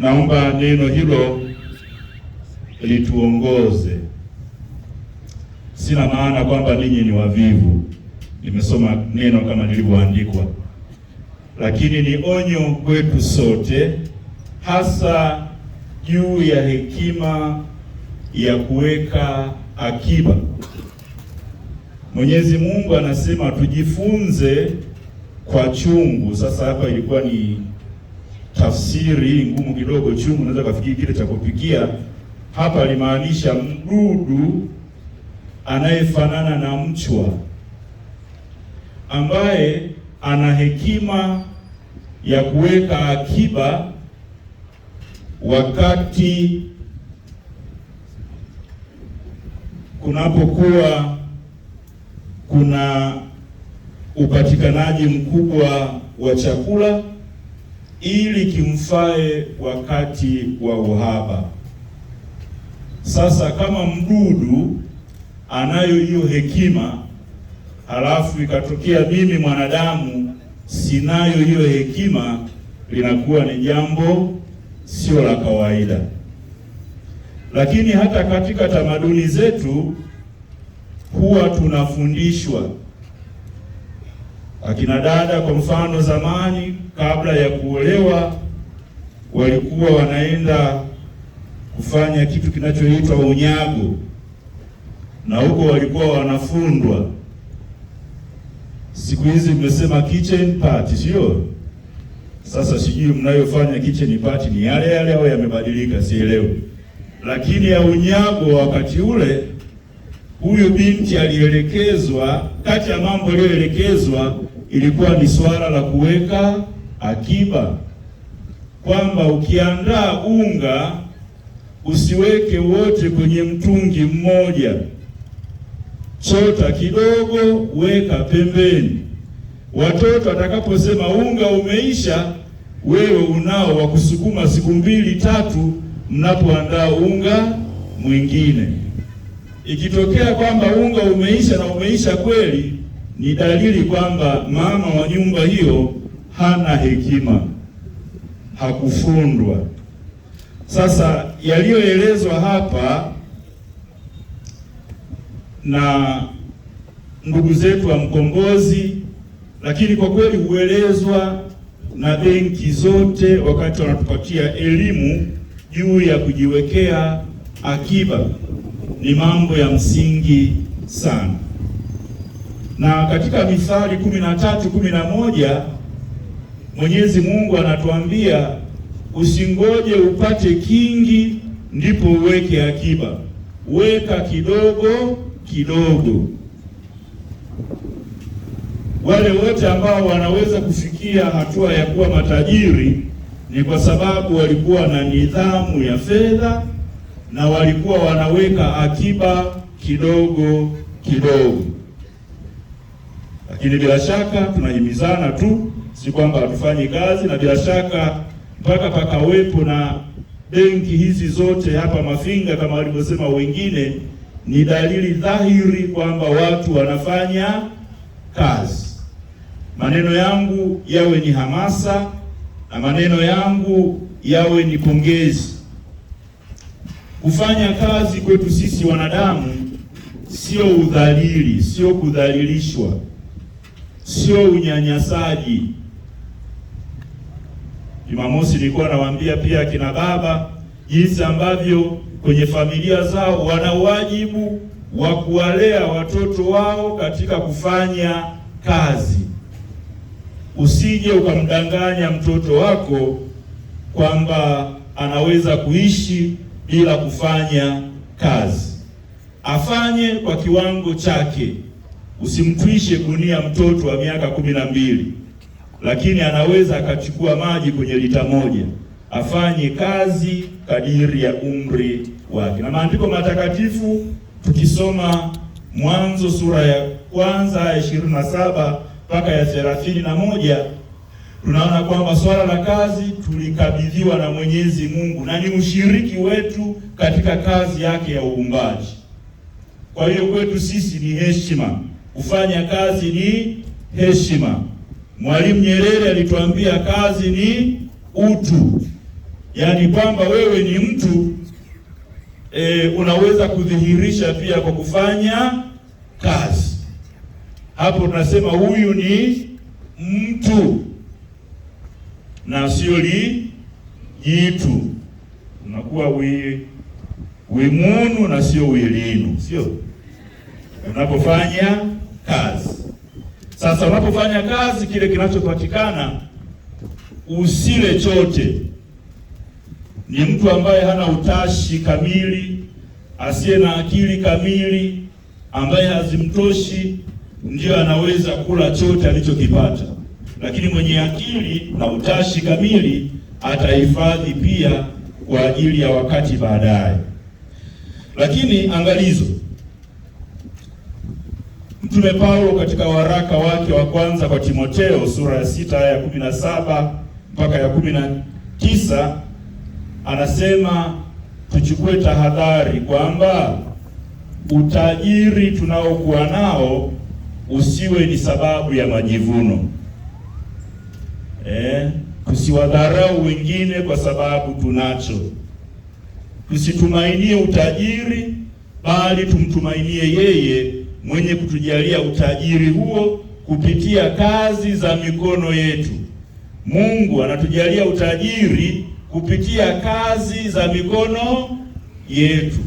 Naomba neno hilo lituongoze. Sina maana kwamba ninyi ni wavivu, nimesoma neno kama lilivyoandikwa, lakini ni onyo kwetu sote, hasa juu ya hekima ya kuweka akiba. Mwenyezi Mungu anasema tujifunze kwa chungu. Sasa hapa ilikuwa ni tafsiri ngumu kidogo, chungu, naweza kafikiri kile cha kupikia. Hapa alimaanisha mdudu anayefanana na mchwa ambaye ana hekima ya kuweka akiba wakati kunapokuwa kuna upatikanaji mkubwa wa chakula ili kimfae wakati wa uhaba. Sasa kama mdudu anayo hiyo hekima, halafu ikatokea mimi mwanadamu sinayo hiyo hekima, linakuwa ni jambo sio la kawaida. Lakini hata katika tamaduni zetu huwa tunafundishwa akina dada kwa mfano, zamani kabla ya kuolewa walikuwa wanaenda kufanya kitu kinachoitwa unyago, na huko walikuwa wanafundwa. Siku hizi mmesema kitchen party, sio? Sasa sijui mnayofanya kitchen party ni yale yale au yamebadilika, sielewi. Lakini ya unyago wakati ule, huyu binti alielekezwa, kati ya mambo aliyoelekezwa ilikuwa ni swala la kuweka akiba, kwamba ukiandaa unga usiweke wote kwenye mtungi mmoja, chota kidogo, weka pembeni. Watoto atakaposema unga umeisha, wewe unao wa kusukuma siku mbili tatu, mnapoandaa unga mwingine. Ikitokea kwamba unga umeisha na umeisha kweli ni dalili kwamba mama wa nyumba hiyo hana hekima, hakufundwa. Sasa yaliyoelezwa hapa na ndugu zetu wa Mkombozi, lakini kwa kweli huelezwa na benki zote wakati wanatupatia elimu juu ya kujiwekea akiba, ni mambo ya msingi sana na katika Mithali kumi na tatu kumi na moja Mwenyezi Mungu anatuambia usingoje upate kingi ndipo uweke akiba, weka kidogo kidogo. Wale wote ambao wanaweza kufikia hatua ya kuwa matajiri ni kwa sababu walikuwa na nidhamu ya fedha na walikuwa wanaweka akiba kidogo kidogo. Lakini bila shaka tunahimizana tu, si kwamba hatufanyi kazi, na bila shaka mpaka pakawepo na benki hizi zote hapa Mafinga kama walivyosema wengine, ni dalili dhahiri kwamba watu wanafanya kazi. Maneno yangu yawe ni hamasa na maneno yangu yawe ni pongezi. Kufanya kazi kwetu sisi wanadamu sio udhalili, sio kudhalilishwa sio unyanyasaji. Jumamosi nilikuwa nawaambia pia akina baba jinsi ambavyo kwenye familia zao wana wajibu wa kuwalea watoto wao katika kufanya kazi. Usije ukamdanganya mtoto wako kwamba anaweza kuishi bila kufanya kazi. Afanye kwa kiwango chake. Usimtwishe gunia mtoto wa miaka kumi na mbili, lakini anaweza akachukua maji kwenye lita moja. Afanye kazi kadiri ya umri wake. Na maandiko matakatifu tukisoma Mwanzo sura ya kwanza ya ishirini na saba mpaka ya thelathini na moja tunaona kwamba swala la kazi tulikabidhiwa na Mwenyezi Mungu na ni ushiriki wetu katika kazi yake ya uumbaji. Kwa hiyo kwetu sisi ni heshima kufanya kazi ni heshima. Mwalimu Nyerere alituambia kazi ni utu, yaani kwamba wewe ni mtu e, unaweza kudhihirisha pia kwa kufanya kazi. Hapo tunasema huyu ni mtu na sio li jitu, unakuwa wi wimunu na sio wilinu, sio unapofanya kazi. Sasa unapofanya kazi, kile kinachopatikana usile chote, ni mtu ambaye hana utashi kamili, asiye na akili kamili, ambaye hazimtoshi, ndiyo anaweza kula chote alichokipata, lakini mwenye akili na utashi kamili atahifadhi pia kwa ajili ya wakati baadaye. Lakini angalizo Mtume Paulo katika waraka wake wa kwanza kwa timoteo sura ya sita aya ya kumi na saba mpaka ya kumi na tisa anasema tuchukue tahadhari kwamba utajiri tunaokuwa nao usiwe ni sababu ya majivuno, eh, tusiwadharau wengine kwa sababu tunacho. Tusitumainie utajiri, bali tumtumainie yeye mwenye kutujalia utajiri huo kupitia kazi za mikono yetu. Mungu anatujalia utajiri kupitia kazi za mikono yetu.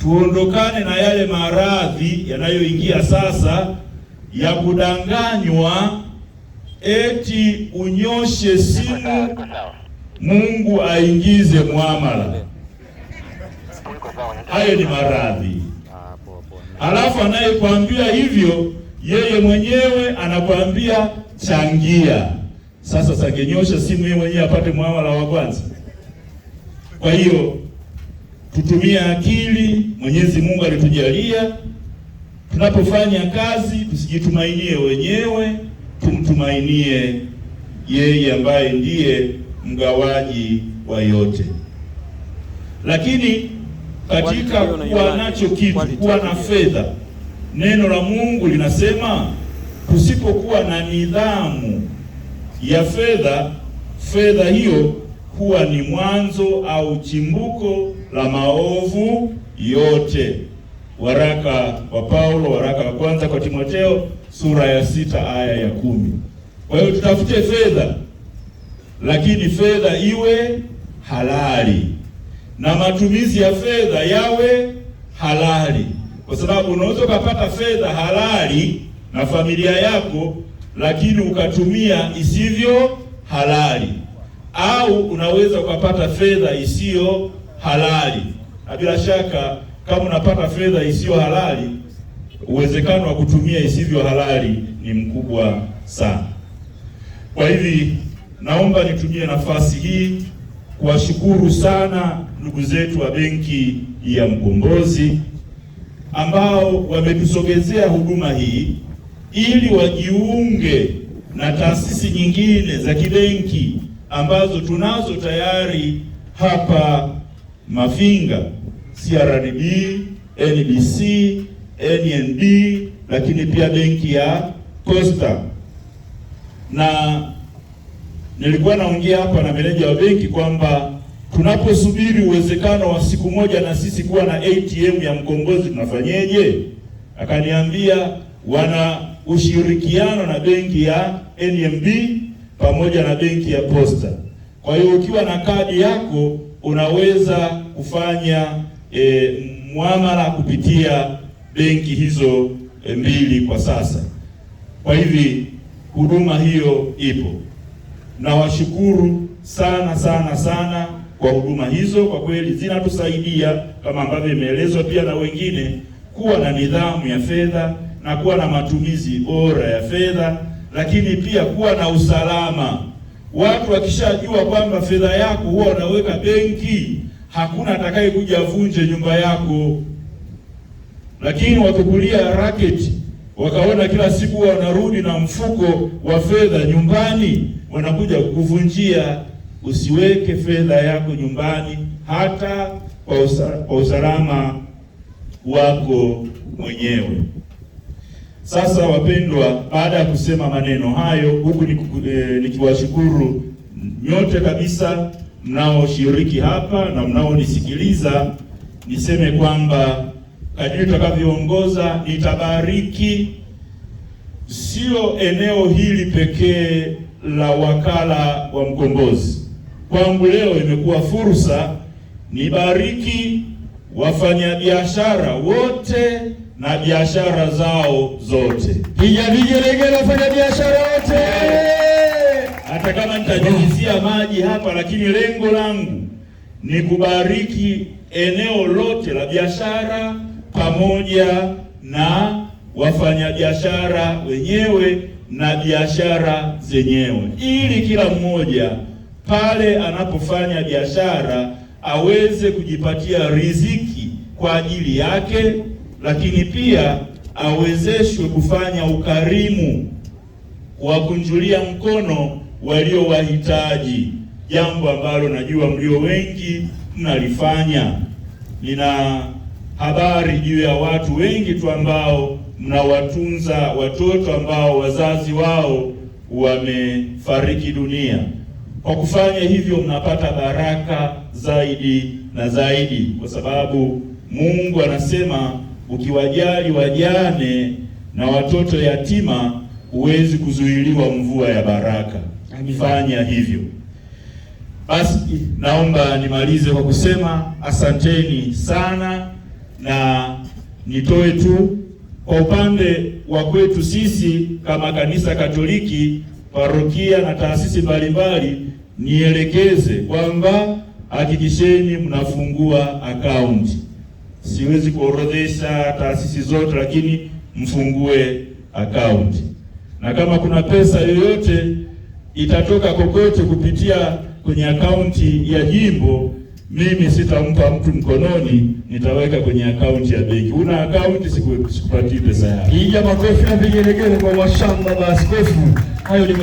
Tuondokane na yale maradhi yanayoingia sasa ya kudanganywa eti unyoshe simu Mungu aingize muamala. Hayo ni maradhi. Alafu anayekwambia hivyo yeye mwenyewe anakwambia changia. Sasa sangenyosha simu yeye mwenyewe apate mwawala wa kwanza. Kwa hiyo tutumie akili. Mwenyezi Mungu alitujalia, tunapofanya kazi tusijitumainie wenyewe, tumtumainie yeye ambaye ndiye mgawaji wa yote, lakini katika kuwa nacho kitu, kuwa na fedha. Neno la Mungu linasema kusipokuwa na nidhamu ya fedha, fedha hiyo huwa ni mwanzo au chimbuko la maovu yote. Waraka wa Paulo, waraka wa kwanza kwa Timotheo sura ya sita aya ya kumi. Kwa hiyo tutafute fedha, lakini fedha iwe halali na matumizi ya fedha yawe halali, kwa sababu unaweza ukapata fedha halali na familia yako, lakini ukatumia isivyo halali, au unaweza ukapata fedha isiyo halali. Na bila shaka kama unapata fedha isiyo halali, uwezekano wa kutumia isivyo halali ni mkubwa sana. Kwa hivi naomba nitumie nafasi hii kuwashukuru sana ndugu zetu wa benki ya Mkombozi ambao wametusogezea huduma hii ili wajiunge na taasisi nyingine za kibenki ambazo tunazo tayari hapa Mafinga, CRDB, NBC, NNB, lakini pia benki ya Costa. Na nilikuwa naongea hapa na meneja wa benki kwamba tunaposubiri uwezekano wa siku moja na sisi kuwa na ATM ya Mkombozi tunafanyeje? Akaniambia wana ushirikiano na benki ya NMB pamoja na benki ya Posta. Kwa hiyo ukiwa na kadi yako unaweza kufanya e, muamala kupitia benki hizo e, mbili kwa sasa. Kwa hivi huduma hiyo ipo. Nawashukuru sana sana sana kwa huduma hizo, kwa kweli zinatusaidia kama ambavyo imeelezwa pia na wengine, kuwa na nidhamu ya fedha na kuwa na matumizi bora ya fedha, lakini pia kuwa na usalama. Watu wakishajua kwamba fedha yako huwa unaweka benki, hakuna atakaye kuja vunje nyumba yako. Lakini wakukulia racket wakaona kila siku wanarudi na mfuko wa fedha nyumbani, wanakuja kukuvunjia usiweke fedha yako nyumbani hata kwa usalama wako mwenyewe. Sasa wapendwa, baada ya kusema maneno hayo, huku eh, nikiwashukuru e, nyote kabisa mnaoshiriki hapa na mnaonisikiliza, niseme kwamba kadiri tutakavyoongoza nitabariki sio eneo hili pekee la wakala wa Mkombozi kwangu leo imekuwa fursa nibariki wafanyabiashara wote na biashara zao zote. Piga vigelegele wafanyabiashara wote, hata kama nitajilizia maji hapa, lakini lengo langu ni kubariki eneo lote la biashara pamoja na wafanyabiashara wenyewe na biashara zenyewe, ili kila mmoja pale anapofanya biashara aweze kujipatia riziki kwa ajili yake, lakini pia awezeshwe kufanya ukarimu wa kunjulia mkono waliowahitaji, jambo ambalo najua mlio wengi mnalifanya. Nina habari juu ya watu wengi tu ambao mnawatunza watoto ambao wazazi wao wamefariki dunia. Kwa kufanya hivyo, mnapata baraka zaidi na zaidi, kwa sababu Mungu anasema ukiwajali wajane na watoto yatima huwezi kuzuiliwa mvua ya baraka. Fanya hivyo basi. Naomba nimalize kwa kusema asanteni sana, na nitoe tu kwa upande wa kwetu sisi kama kanisa Katoliki parokia na taasisi mbalimbali nielekeze kwamba hakikisheni mnafungua akaunti. Siwezi kuorodhesha taasisi zote, lakini mfungue akaunti, na kama kuna pesa yoyote itatoka kokote kupitia kwenye akaunti ya jimbo mimi sitampa mtu mkononi, nitaweka kwenye akaunti ya benki. Una akaunti, sikupatii pesa yako. ija makofi na vigelegele kwa washamba maaskofu. Hayo ni